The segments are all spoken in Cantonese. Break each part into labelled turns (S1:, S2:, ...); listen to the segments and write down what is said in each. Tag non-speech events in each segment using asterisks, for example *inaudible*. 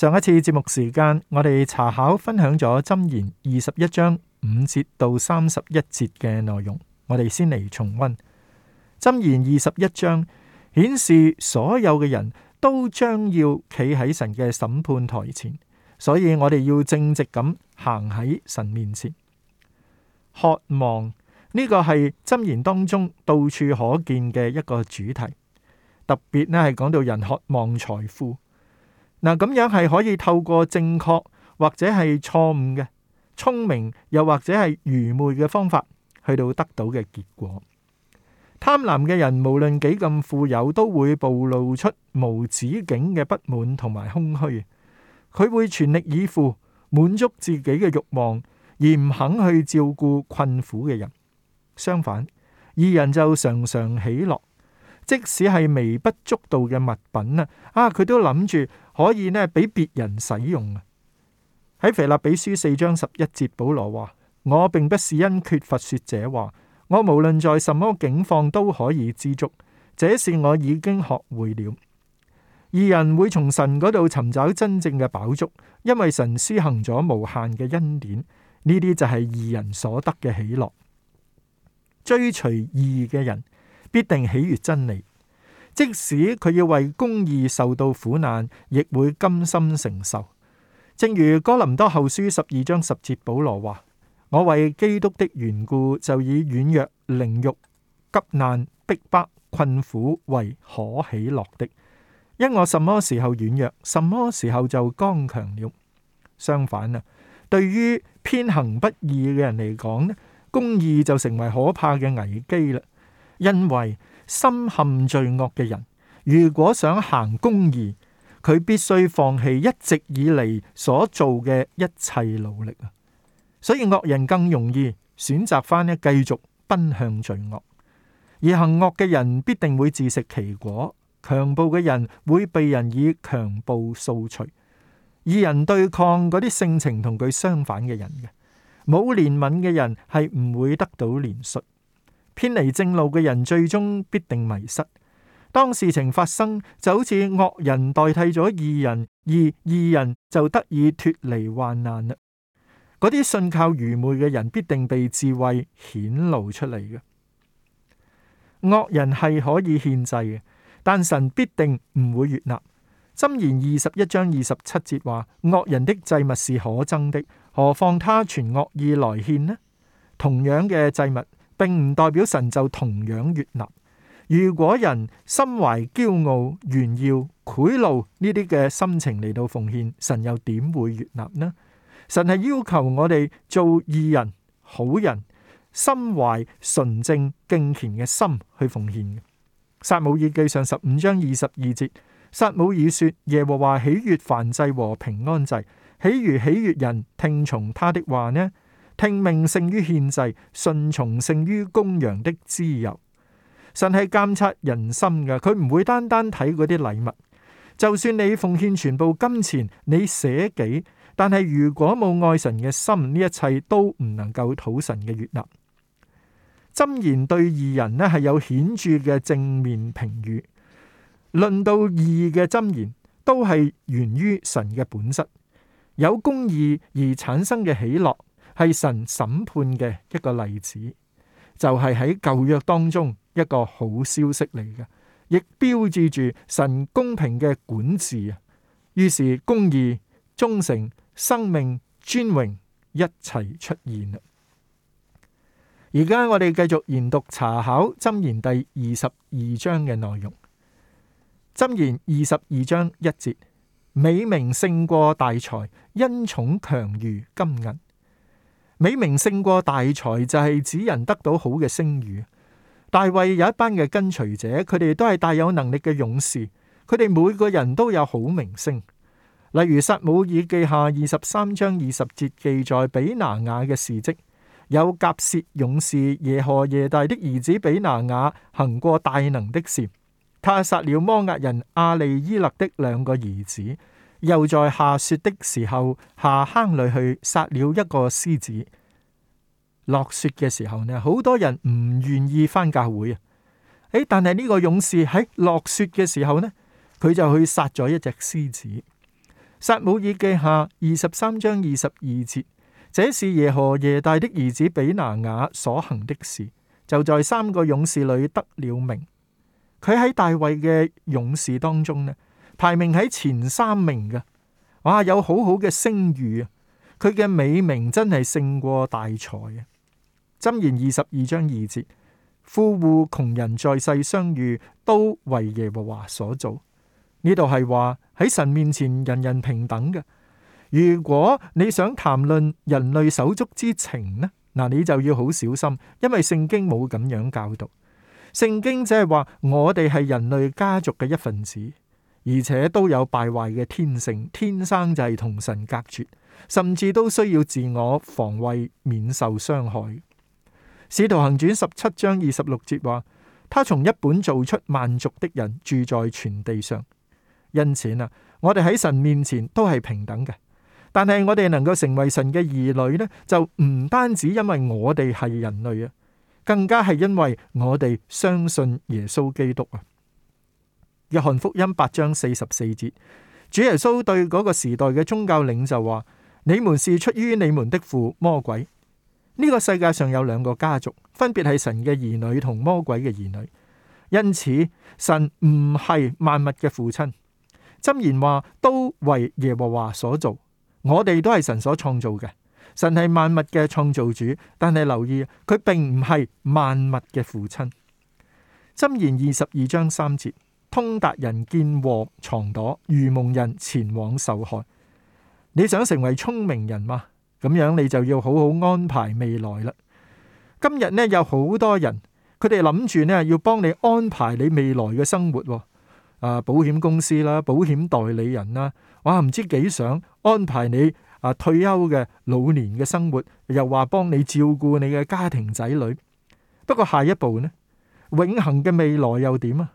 S1: 上一次節目時間，我哋查考分享咗《箴言》二十一章五節到三十一節嘅內容。我哋先嚟重溫《箴言》二十一章，顯示所有嘅人都將要企喺神嘅審判台前，所以我哋要正直咁行喺神面前。渴望呢，這個係《箴言》當中到處可見嘅一個主題，特別呢係講到人渴望財富。嗱，咁樣係可以透過正確或者係錯誤嘅聰明，又或者係愚昧嘅方法去到得到嘅結果。貪婪嘅人無論幾咁富有，都會暴露出無止境嘅不滿同埋空虛。佢會全力以赴滿足自己嘅慾望，而唔肯去照顧困苦嘅人。相反，二人就常常喜樂。即使係微不足道嘅物品啊，啊，佢都諗住可以咧俾別人使用啊。喺腓立比書四章十一節，保羅話：我並不是因缺乏說這話，我無論在什麼境況都可以知足，這是我已經學會了。義人會從神嗰度尋找真正嘅飽足，因為神施行咗無限嘅恩典，呢啲就係義人所得嘅喜樂。追隨義嘅人，必定喜悦真理，即使佢要為公義受到苦難，亦會甘心承受。正如哥林多後書十二章十節保羅話：我為基督的緣故就以軟弱、凌辱、急難、逼迫、困苦為可喜樂的，因我什麼時候軟弱，什麼時候就剛強了。相反啊，對於偏行不義嘅人嚟講呢，公義就成為可怕嘅危機啦。因為深陷罪惡嘅人，如果想行公義，佢必須放棄一直以嚟所做嘅一切努力啊！所以惡人更容易選擇翻咧，繼續奔向罪惡。而行惡嘅人必定會自食其果，強暴嘅人會被人以強暴掃除，以人對抗嗰啲性情同佢相反嘅人嘅。冇憐憫嘅人係唔會得到憐憫。偏離正路嘅人最終必定迷失。當事情發生，就好似惡人代替咗義人，而義人就得以脱離患難啦。嗰啲信靠愚昧嘅人必定被智慧顯露出嚟嘅。惡人係可以獻祭嘅，但神必定唔會悦納。箴言二十一章二十七節話：惡人的祭物是可憎的，何況他存惡意來獻呢？同樣嘅祭物。並唔代表神就同樣悦納。如果人心懷驕傲、炫耀、賄賂呢啲嘅心情嚟到奉獻，神又點會悦納呢？神係要求我哋做義人、好人，心懷純正、敬虔嘅心去奉獻。撒母耳記上十五章二十二節，撒母耳說：耶和華喜悦燔祭和平安祭，豈如喜悦人聽從他的話呢？聽命勝於獻祭，順從勝於公羊的脂油。神係監察人心嘅，佢唔會單單睇嗰啲禮物。就算你奉獻全部金錢，你捨己，但係如果冇愛神嘅心，呢一切都唔能夠討神嘅悦納。箴言對義人呢係有顯著嘅正面評語。論到義嘅箴言，都係源於神嘅本質，有公義而產生嘅喜樂。係神審判嘅一個例子，就係、是、喺舊約當中一個好消息嚟嘅，亦標誌住神公平嘅管治啊。於是，公義、忠誠、生命、尊榮一齊出現。而家我哋繼續研讀查考《箴言》第二十二章嘅內容，《箴言》二十二章一節，美名勝過大財，恩寵強如金銀。美名勝過大財，就係指人得到好嘅聲譽。大衛有一班嘅跟隨者，佢哋都係大有能力嘅勇士，佢哋每個人都有好名聲。例如《撒母耳記下》二十三章二十節記載比拿雅嘅事蹟，有甲薛勇士耶何耶大的兒子比拿雅行過大能的事，他殺了摩押人亞利伊勒的兩個兒子。又在下雪的時候，下坑裏去殺了一個獅子。落雪嘅時候呢，好多人唔願意返教會啊、哎。但係呢個勇士喺落雪嘅時候呢，佢就去殺咗一隻獅子。撒母耳記下二十三章二十二節，這是耶何耶大的兒子比拿雅所行的事，就在三個勇士裏得了名。佢喺大衛嘅勇士當中呢。排名喺前三名嘅，哇，有好好嘅聲譽啊！佢嘅美名真係勝過大財啊！箴言二十二章二節：富戶窮人在世相遇，都為耶和華所造。呢度係話喺神面前人人平等嘅。如果你想談論人類手足之情呢，嗱，你就要好小心，因為聖經冇咁樣教導。聖經只係話我哋係人類家族嘅一份子。而且都有敗壞嘅天性，天生就係同神隔絕，甚至都需要自我防衛免受傷害。使徒行傳十七章二十六節話：他從一本造出萬族的人，住在全地上。因此啊，我哋喺神面前都係平等嘅。但係我哋能夠成為神嘅兒女呢，就唔單止因為我哋係人類啊，更加係因為我哋相信耶穌基督啊。約翰福音八章四十四節，主耶穌對嗰個時代嘅宗教領袖話：你們是出於你們的父魔鬼。呢、這個世界上有兩個家族，分別係神嘅兒女同魔鬼嘅兒女。因此，神唔係萬物嘅父親。箴言話都為耶和華所造，我哋都係神所創造嘅。神係萬物嘅創造主，但係留意佢並唔係萬物嘅父親。箴言二十二章三節。通達人見禍藏躲，愚蒙人前往受害。你想成為聰明人嘛？咁樣你就要好好安排未來啦。今日呢，有好多人，佢哋諗住呢，要幫你安排你未來嘅生活，啊，保險公司啦，保險代理人啦，哇，唔知幾想安排你啊退休嘅老年嘅生活，又話幫你照顧你嘅家庭仔女。不過下一步呢，永恆嘅未來又點啊？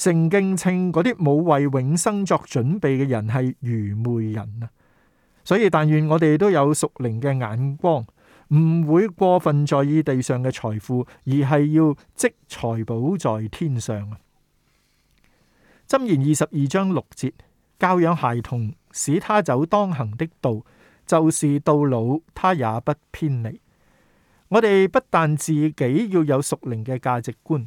S1: 聖經稱嗰啲冇為永生作準備嘅人係愚昧人啊！所以但願我哋都有屬靈嘅眼光，唔會過分在意地上嘅財富，而係要積財寶在天上啊！箴言二十二章六節：教養孩童，使他走當行的道，就是到老，他也不偏離。我哋不但自己要有屬靈嘅價值觀。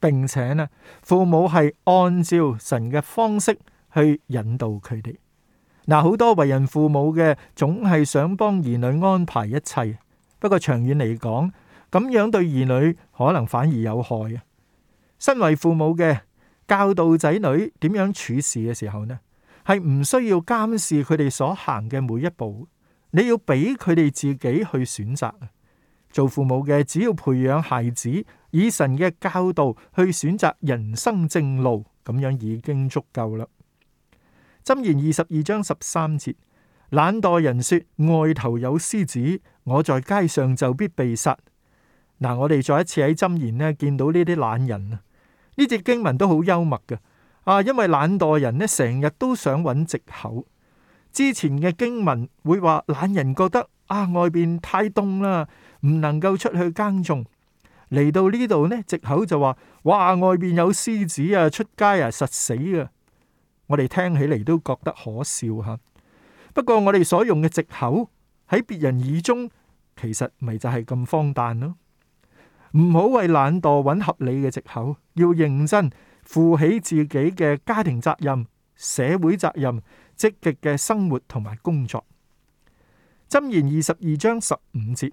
S1: 並且呢，父母係按照神嘅方式去引導佢哋。嗱，好多為人父母嘅總係想幫兒女安排一切，不過長遠嚟講，咁樣對兒女可能反而有害啊。身為父母嘅教導仔女點樣處事嘅時候呢，係唔需要監視佢哋所行嘅每一步。你要俾佢哋自己去選擇。做父母嘅只要培養孩子，以神嘅教導去選擇人生正路，咁樣已經足夠啦。箴言二十二章十三節，懶惰人說：外頭有獅子，我在街上就必被殺。嗱，我哋再一次喺箴言呢見到呢啲懶人啊，呢節經文都好幽默嘅。啊，因為懶惰人呢成日都想揾藉口。之前嘅經文會話懶人覺得啊外邊太凍啦，唔能夠出去耕種。嚟到呢度呢，藉口就話，哇，外邊有獅子啊，出街啊，實死啊！我哋聽起嚟都覺得可笑吓啊。不過我哋所用嘅藉口喺別人耳中，其實咪就係咁荒誕咯。唔好為懶惰揾合理嘅藉口，要認真負起自己嘅家庭責任、社會責任、積極嘅生活同埋工作。箴言二十二章十五節。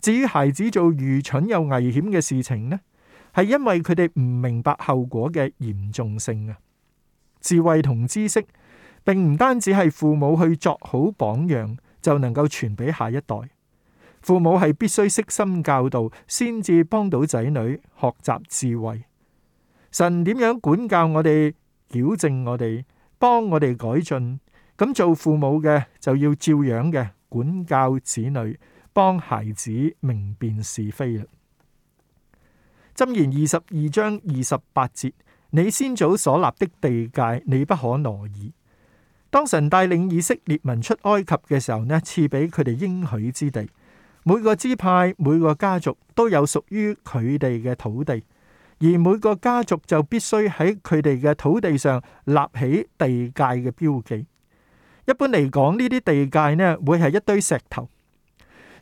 S1: 至於孩子做愚蠢又危險嘅事情呢，係因為佢哋唔明白後果嘅嚴重性啊！智慧同知識，並唔單止係父母去作好榜樣就能夠傳俾下一代。父母係必須悉心教導，先至幫到仔女學習智慧。神點樣管教我哋、矯正我哋、幫我哋改進？咁做父母嘅就要照樣嘅管教子女。幫孩子明辨是非啊！箴言二十二章二十八節：「你先祖所立的地界，你不可挪移。當神帶領以色列民出埃及嘅時候，呢，賜俾佢哋應許之地，每個支派、每個家族都有屬於佢哋嘅土地，而每個家族就必須喺佢哋嘅土地上立起地界嘅標記。一般嚟講，呢啲地界呢會係一堆石頭。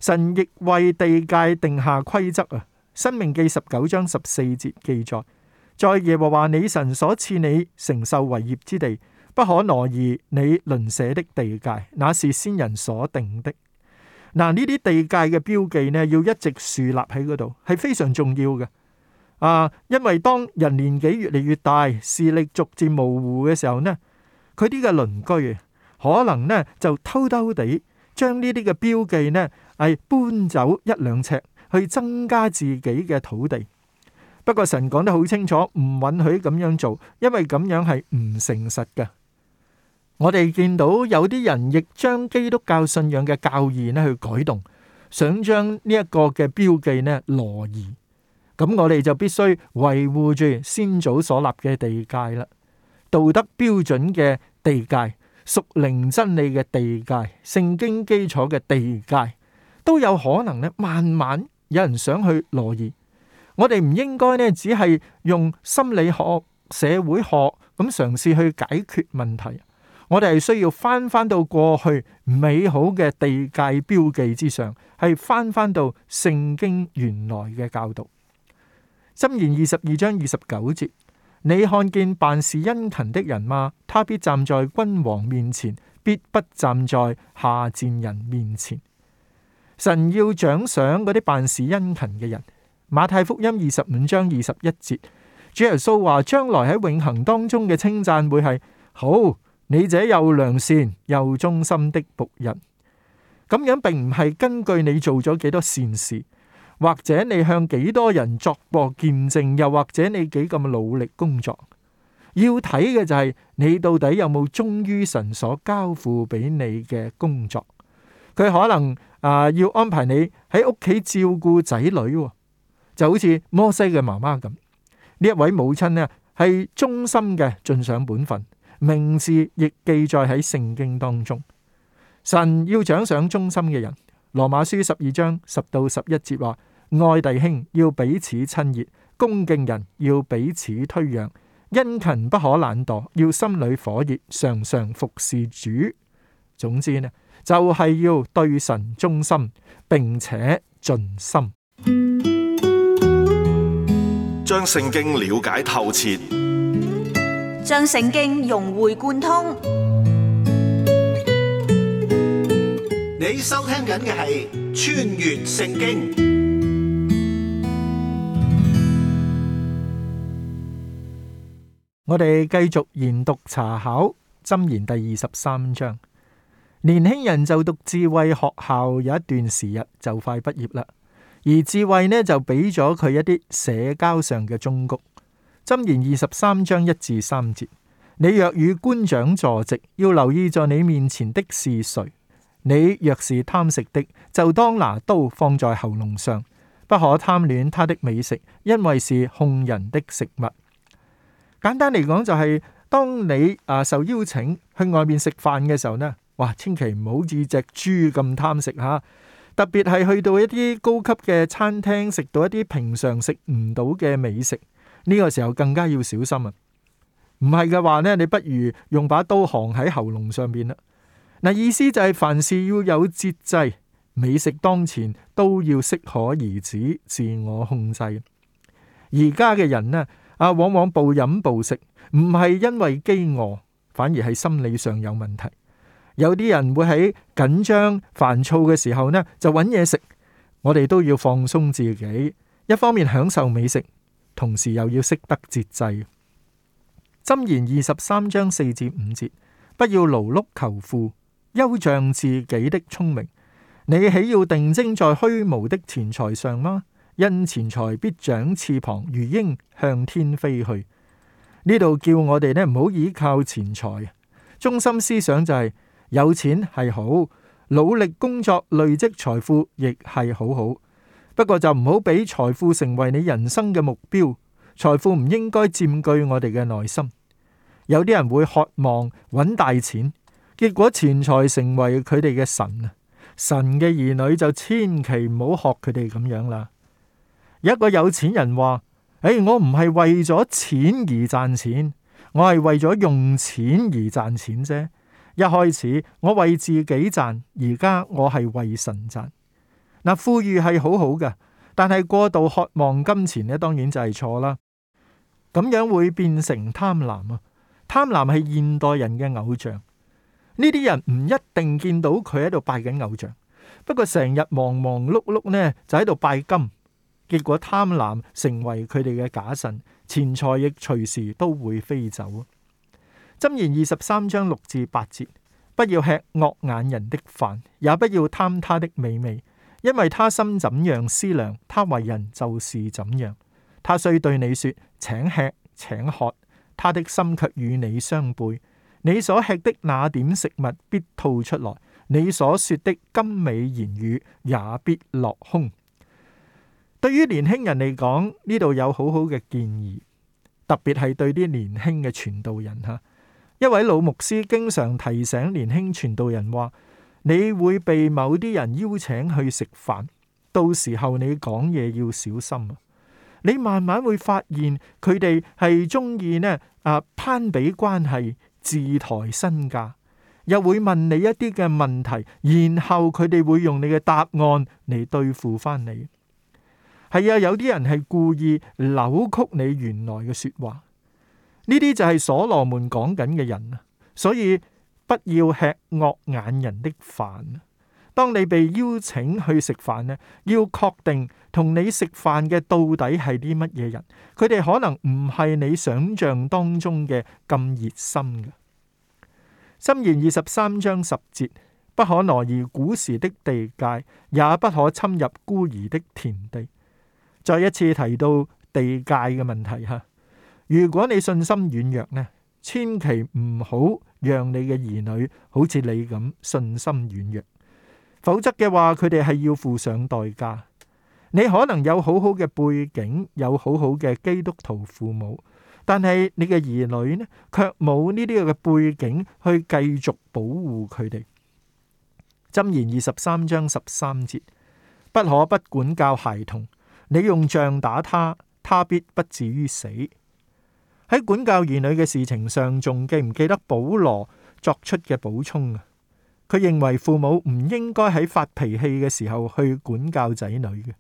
S1: 神亦為地界定下規則啊，《申命記》十九章十四節記載，在耶和華你神所賜你承受為業之地，不可挪移你鄰舍的地界，那是先人所定的。嗱，呢啲地界嘅標記呢，要一直豎立喺嗰度，係非常重要嘅啊。因為當人年紀越嚟越大，視力逐漸模糊嘅時候呢，佢啲嘅鄰居可能呢就偷偷地將呢啲嘅標記呢。係搬走一兩尺去增加自己嘅土地，不過神講得好清楚，唔允許咁樣做，因為咁樣係唔誠實嘅。我哋見到有啲人亦將基督教信仰嘅教義呢去改動，想將呢一個嘅標記呢挪移，咁我哋就必須維護住先祖所立嘅地界啦，道德標準嘅地界，屬靈真理嘅地界，聖經基礎嘅地界。都有可能咧，慢慢有人想去挪移。我哋唔應該咧，只係用心理學、社會學咁嘗試試去解決問題。我哋係需要翻翻到過去美好嘅地界標記之上，係翻翻到聖經原來嘅教導。箴言二十二章二十九節：你看見辦事殷勤的人嗎？他必站在君王面前，必不站在下賤人面前。神要獎賞嗰啲辦事殷勤嘅人。馬太福音二十五章二十一節，主耶穌話：將來喺永恒當中嘅稱讚會係，好你這又良善又忠心的僕人。咁樣並唔係根據你做咗幾多善事，或者你向幾多人作過見證，又或者你幾咁努力工作。要睇嘅就係、是、你到底有冇忠於神所交付俾你嘅工作。佢可能。啊！要安排你喺屋企照顧仔女，就好似摩西嘅媽媽咁。呢一位母親呢，係忠心嘅盡上本分，名字亦記載喺聖經當中。神要獎賞忠心嘅人，《羅馬書》十二章十到十一節話：愛弟兄要彼此親熱，恭敬人要彼此推讓，殷勤不可懶惰，要心裏火熱，常常服侍主。總之呢，就係要對神忠心，並且盡心，將聖經了解透徹，將聖經融會貫通。你收聽緊嘅係《穿越聖經》， *noise* *noise* 我哋繼續研讀查考箴言第二十三章。年輕人就讀智慧學校有一段時日，就快畢業啦。而智慧呢就俾咗佢一啲社交上嘅忠告。箴言二十三章一至三節：你若與官長坐席，要留意在你面前的是誰；你若是貪食的，就當拿刀放在喉嚨上，不可貪戀他的美食，因為是哄人的食物。簡單嚟講、就是，就係當你啊、呃、受邀請去外面食飯嘅時候呢？哇，千祈唔好似隻豬咁貪食吓，特別係去到一啲高級嘅餐廳，食到一啲平常食唔到嘅美食，呢、這個時候更加要小心啊！唔係嘅話咧，你不如用把刀行喺喉嚨上邊啦。嗱，意思就係凡事要有節制，美食當前都要適可而止，自我控制。而家嘅人咧，啊，往往暴飲暴食，唔係因為飢餓，反而係心理上有問題。有啲人會喺緊張、煩躁嘅時候呢，就揾嘢食。我哋都要放鬆自己，一方面享受美食，同時又要識得節制。《箴言》二十三章四至五節：，不要勞碌求富，休仗自己的聰明。你豈要定睛在虛無的錢財上嗎？因錢財必長翅膀，如鷹向天飛去。呢度叫我哋呢，唔好依靠錢財。中心思想就係、是。有錢係好，努力工作累積財富亦係好好。不過就唔好俾財富成為你人生嘅目標，財富唔應該佔據我哋嘅內心。有啲人會渴望搵大錢，結果錢財成為佢哋嘅神。神嘅兒女就千祈唔好學佢哋咁樣啦。一個有錢人話：，誒、欸，我唔係為咗錢而賺錢，我係為咗用錢而賺錢啫。一開始我為自己賺，而家我係為神賺。嗱，富裕係好好嘅，但係過度渴望金錢呢，當然就係錯啦。咁樣會變成貪婪啊！貪婪係現代人嘅偶像。呢啲人唔一定見到佢喺度拜緊偶像，不過成日忙忙碌碌呢，就喺度拜金，結果貪婪成為佢哋嘅假神，錢財亦隨時都會飛走。箴言二十三章六至八節：不要吃惡眼人的飯，也不要貪他的美味，因為他心怎樣思量，他為人就是怎樣。他雖對你說請吃請喝，他的心卻與你相背。你所吃的那點食物必吐出來，你所說的甘美言語也必落空。對於年輕人嚟講，呢度有好好嘅建議，特別係對啲年輕嘅傳道人吓。一位老牧師經常提醒年輕傳道人話：你會被某啲人邀請去食飯，到時候你講嘢要小心啊！你慢慢會發現佢哋係中意呢啊攀比關係、自抬身價，又會問你一啲嘅問題，然後佢哋會用你嘅答案嚟對付翻你。係啊，有啲人係故意扭曲你原來嘅說話。呢啲就係所羅門講緊嘅人啊，所以不要吃惡眼人的飯。當你被邀請去食飯呢，要確定同你食飯嘅到底係啲乜嘢人，佢哋可能唔係你想象當中嘅咁熱心嘅。箴言二十三章十節，不可挪移古時的地界，也不可侵入孤兒的田地。再一次提到地界嘅問題吓。如果你信心軟弱呢，千祈唔好讓你嘅兒女好似你咁信心軟弱，否則嘅話佢哋係要付上代價。你可能有好好嘅背景，有好好嘅基督徒父母，但係你嘅兒女呢，卻冇呢啲嘅背景去繼續保護佢哋。箴言二十三章十三節：不可不管教孩童，你用杖打他，他必不至於死。喺管教兒女嘅事情上，仲記唔記得保羅作出嘅補充啊？佢認為父母唔應該喺發脾氣嘅時候去管教仔女嘅，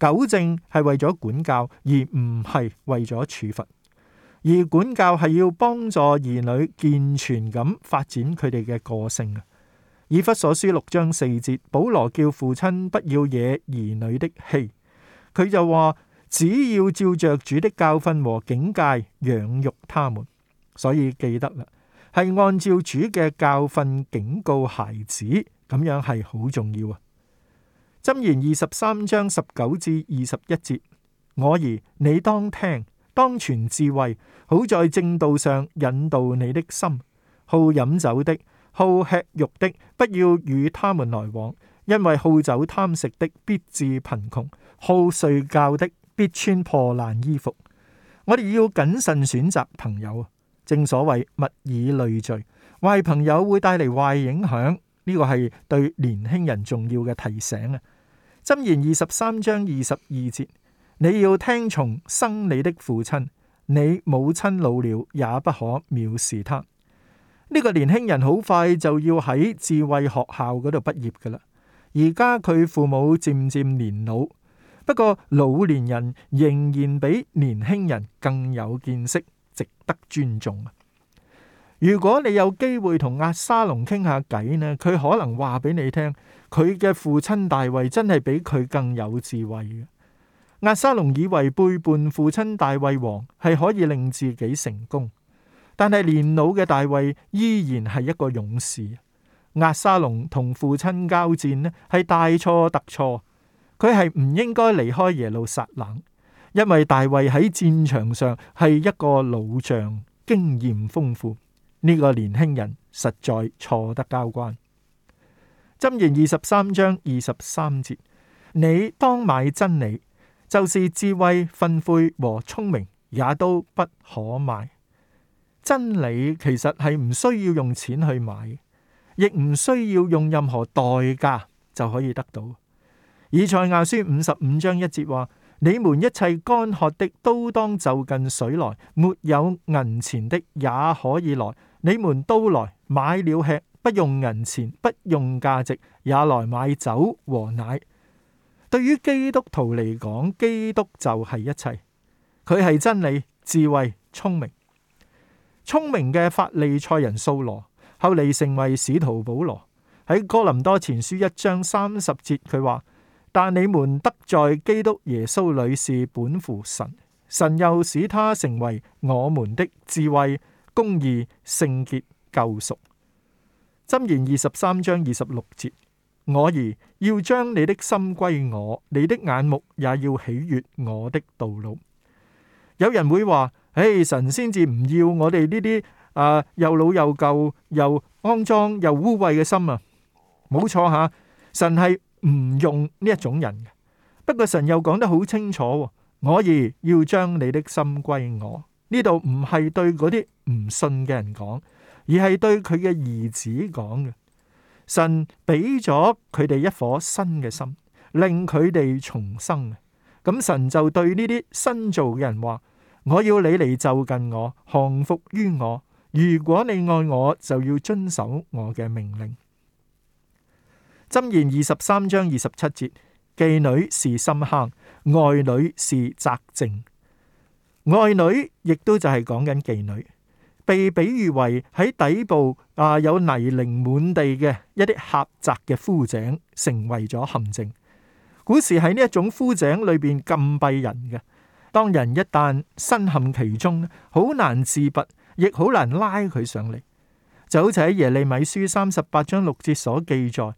S1: 糾正係為咗管教而唔係為咗處罰，而管教係要幫助兒女健全咁發展佢哋嘅個性啊。以弗所書六章四節，保羅叫父親不要惹兒女的氣，佢就話：只要照着主的教訓和警戒養育他們，所以記得啦，係按照主嘅教訓警告孩子，咁樣係好重要啊。箴言二十三章十九至二十一節，我兒你當聽，當存智慧，好在正道上引導你的心。好飲酒的，好吃肉的，不要與他們來往，因為好酒貪食的必致貧窮；好睡覺的，必穿破爛衣服，我哋要謹慎選擇朋友啊！正所謂物以類聚，壞朋友會帶嚟壞影響，呢個係對年輕人重要嘅提醒啊！箴言二十三章二十二節，你要聽從生你的父親，你母親老了，也不可藐視他。呢個年輕人好快就要喺智慧學校嗰度畢業㗎喇，而家佢父母漸漸年老。不過老年人仍然比年輕人更有見識，值得尊重。如果你有機會同阿沙龍傾下偈呢，佢可能話俾你聽，佢嘅父親大衛真係比佢更有智慧嘅。亞沙龍以為背叛父親大衛王係可以令自己成功，但係年老嘅大衛依然係一個勇士。阿沙龍同父親交戰呢，係大錯特錯。佢係唔應該離開耶路撒冷，因為大衛喺戰場上係一個老將，經驗豐富。呢、這個年輕人實在錯得交關。箴言二十三章二十三節：，你當買真理，就是智慧、訓誨和聰明，也都不可買。真理其實係唔需要用錢去買，亦唔需要用任何代價就可以得到。以賽亞書五十五章一節話：你們一切乾渴的都當就近水來，沒有銀錢的也可以來。你們都來買了吃，不用銀錢，不用價值，也來買酒和奶。對於基督徒嚟講，基督就係一切，佢係真理、智慧、聰明。聰明嘅法利賽人掃羅，後嚟，成為使徒保羅喺哥林多前書一章三十節，佢話但你們得在基督耶穌裏是本乎神，神又使他成為我們的智慧、公義、聖潔、救贖。箴言二十三章二十六節：我兒要將你的心歸我，你的眼目也要喜悦我的道路。有人會話：唉，神先至唔要我哋呢啲誒又老又舊、又骯髒又污穢嘅心啊！冇錯吓，神係。唔用呢一種人，不過神又講得好清楚，我兒要將你的心歸我。呢度唔係對嗰啲唔信嘅人講，而係對佢嘅兒子講嘅。神俾咗佢哋一顆新嘅心，令佢哋重生。咁神就對呢啲新造嘅人話：我要你嚟就近我，降服於我。如果你愛我，就要遵守我嘅命令。箴言二十三章二十七節，妓女是深坑，外女是窄井。外女亦都就係講緊妓女，被比喻為喺底部啊有泥濘滿地嘅一啲狹窄嘅枯井，成為咗陷阱。古時喺呢一種枯井裏邊禁閉人嘅，當人一旦身陷其中咧，好難自拔，亦好難拉佢上嚟。就好似喺耶利米書三十八章六節所記載。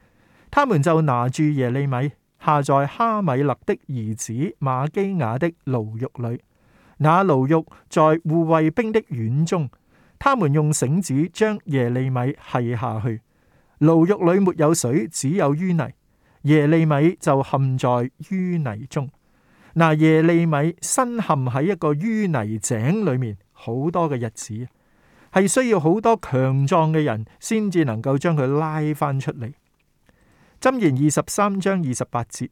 S1: 他們就拿住耶利米下在哈米勒的兒子瑪基雅的牢獄裏，那牢獄在護衛兵的院中。他們用繩子將耶利米繫下去，牢獄裏沒有水，只有淤泥。耶利米就陷在淤泥中。嗱、啊，耶利米身陷喺一個淤泥井裏面，好多嘅日子係需要好多強壯嘅人先至能夠將佢拉翻出嚟。箴言二十三章二十八節，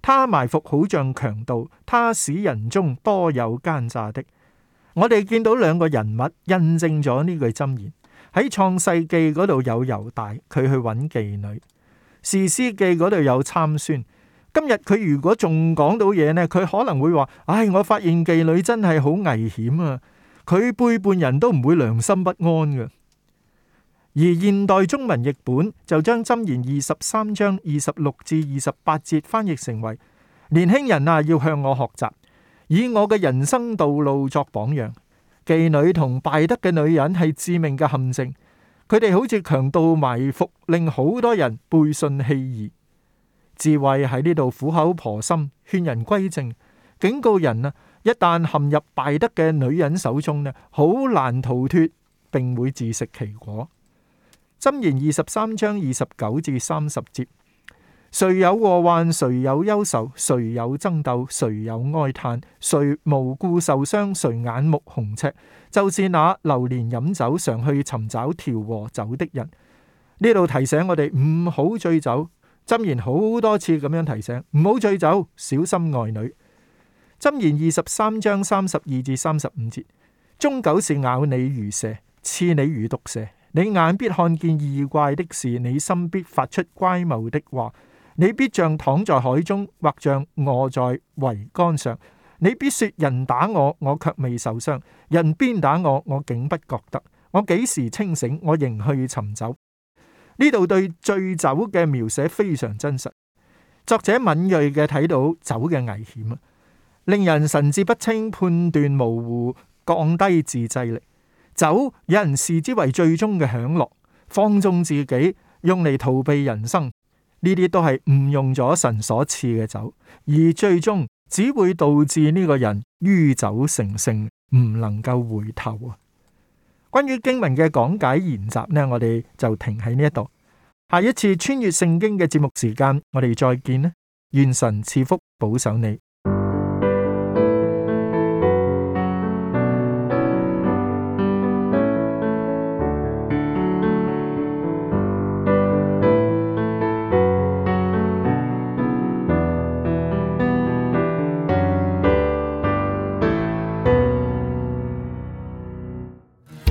S1: 他埋伏好像強盜，他使人中多有奸詐的。我哋見到兩個人物，印證咗呢句箴言。喺創世記嗰度有猶大，佢去揾妓女；士師記嗰度有參孫。今日佢如果仲講到嘢呢，佢可能會話：唉，我發現妓女真係好危險啊！佢背叛人都唔會良心不安噶。而現代中文譯本就將箴言二十三章二十六至二十八節翻譯成為：年輕人啊，要向我學習，以我嘅人生道路作榜樣。妓女同敗德嘅女人係致命嘅陷阱，佢哋好似強盜埋伏，令好多人背信棄義。智慧喺呢度苦口婆心勸人歸正，警告人啊，一旦陷入敗德嘅女人手中呢，好難逃脫，並會自食其果。箴言二十三章二十九至三十節，誰有禍患，誰有憂愁，誰有爭鬥，誰有哀嘆，誰無故受傷，誰眼目紅赤，就是那流連飲酒，常去尋找調和酒的人。呢度提醒我哋唔好醉酒。箴言好多次咁樣提醒，唔好醉酒，小心愛女。箴言二十三章三十二至三十五節，終久是咬你如蛇，刺你如毒蛇。你眼必看見異怪的事，你心必發出乖謬的話。你必像躺在海中，或像臥在桅杆上。你必說人打我，我卻未受傷；人鞭打我，我竟不覺得。我幾時清醒？我仍去尋找。呢度對醉酒嘅描寫非常真實，作者敏銳嘅睇到酒嘅危險啊，令人神志不清、判斷模糊、降低自制力。酒有人視之為最終嘅享樂，放縱自己，用嚟逃避人生，呢啲都係誤用咗神所賜嘅酒，而最終只會導致呢個人酗酒成性，唔能夠回頭啊！關於經文嘅講解研習呢，我哋就停喺呢一度。下一次穿越聖經嘅節目時間，我哋再見啦！願神賜福保守你。